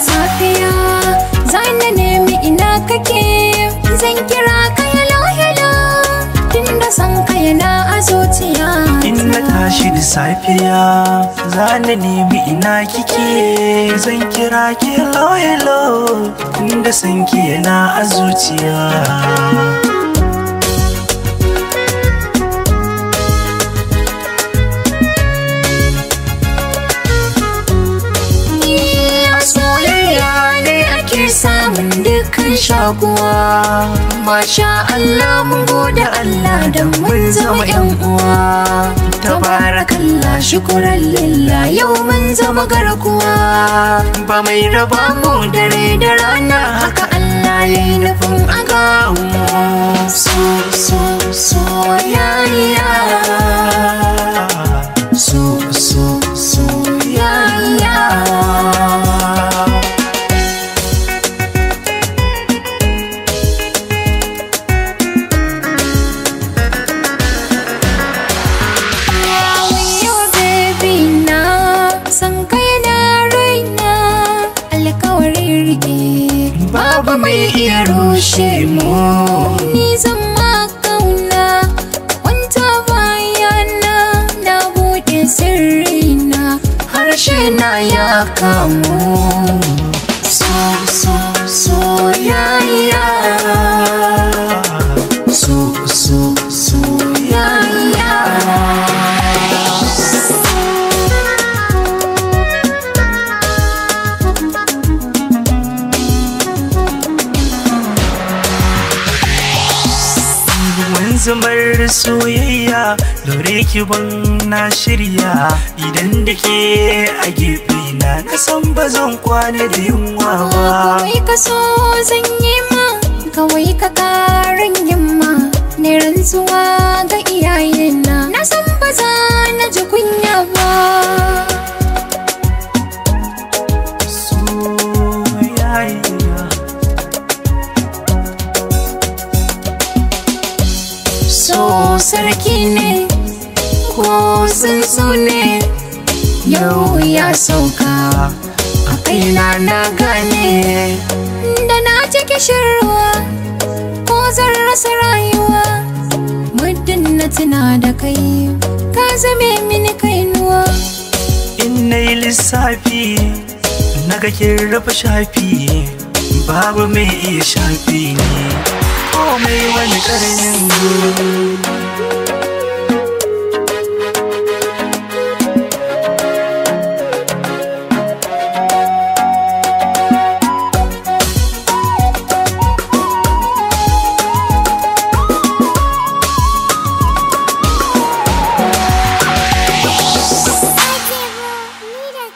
safiya zan na nemi ina kake zan kira ka hello hello tunda da san ka yana a zuciya in na tashi da safiya zan na nemi ina kike zan kira ki hello hello tunda da san ki yana a zuciya shakuwa masha Allah mun gode Allah da mun zama yan uwa tabarakallah shukran lillah yau mun zama garkuwa ba mai raba mu dare da rana haka Allah yayi nufin agawo so so so yayi babu mai iya rushe mu ni zan ma kauna wanta bayana na bude sirrina harshe na ya kamu so so zubar soyayya lore ki ban na shirya idan da ke a gefe na na san ba zan kwana da yunwa ba kawai ka so zan yi ma kawai ka karin yamma na rantsuwa ga iyayena na san ba zan sarki ne ko tsuntsu ne yau ya sauka a kaina na gane da na ci kishin ko zan rasa rayuwa muddin na tuna da kai ka zame mini kainuwa in na yi lissafi na ga kin rufe shafi babu mai iya shafi ne komai wani ƙarnin